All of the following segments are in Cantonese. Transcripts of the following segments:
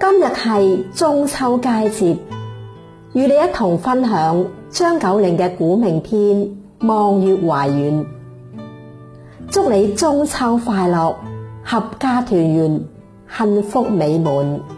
今日係中秋佳節，與你一同分享張九齡嘅古名篇《望月懷遠》。祝你中秋快樂，合家團圓，幸福美滿。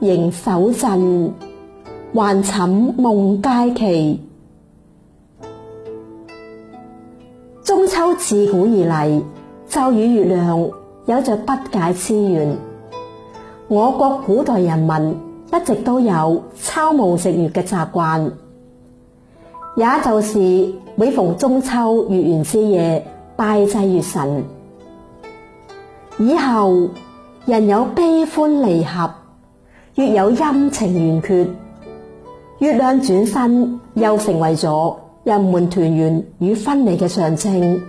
盈手贈，還寢夢佳期。中秋自古以嚟，就與月亮有着不解之緣。我國古代人民一直都有秋暮食月嘅習慣，也就是每逢中秋月圓之夜，拜祭月神。以後人有悲歡離合。月有陰晴圓缺，月亮轉身又成為咗人們團圓與分離嘅象徵。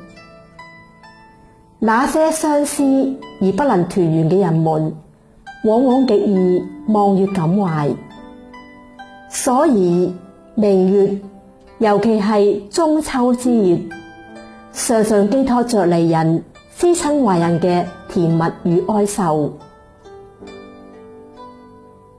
那些相思而不能團圓嘅人們，往往極易望月感懷。所以，明月尤其係中秋之月，常常寄託着離人思親懷人嘅甜蜜與哀愁。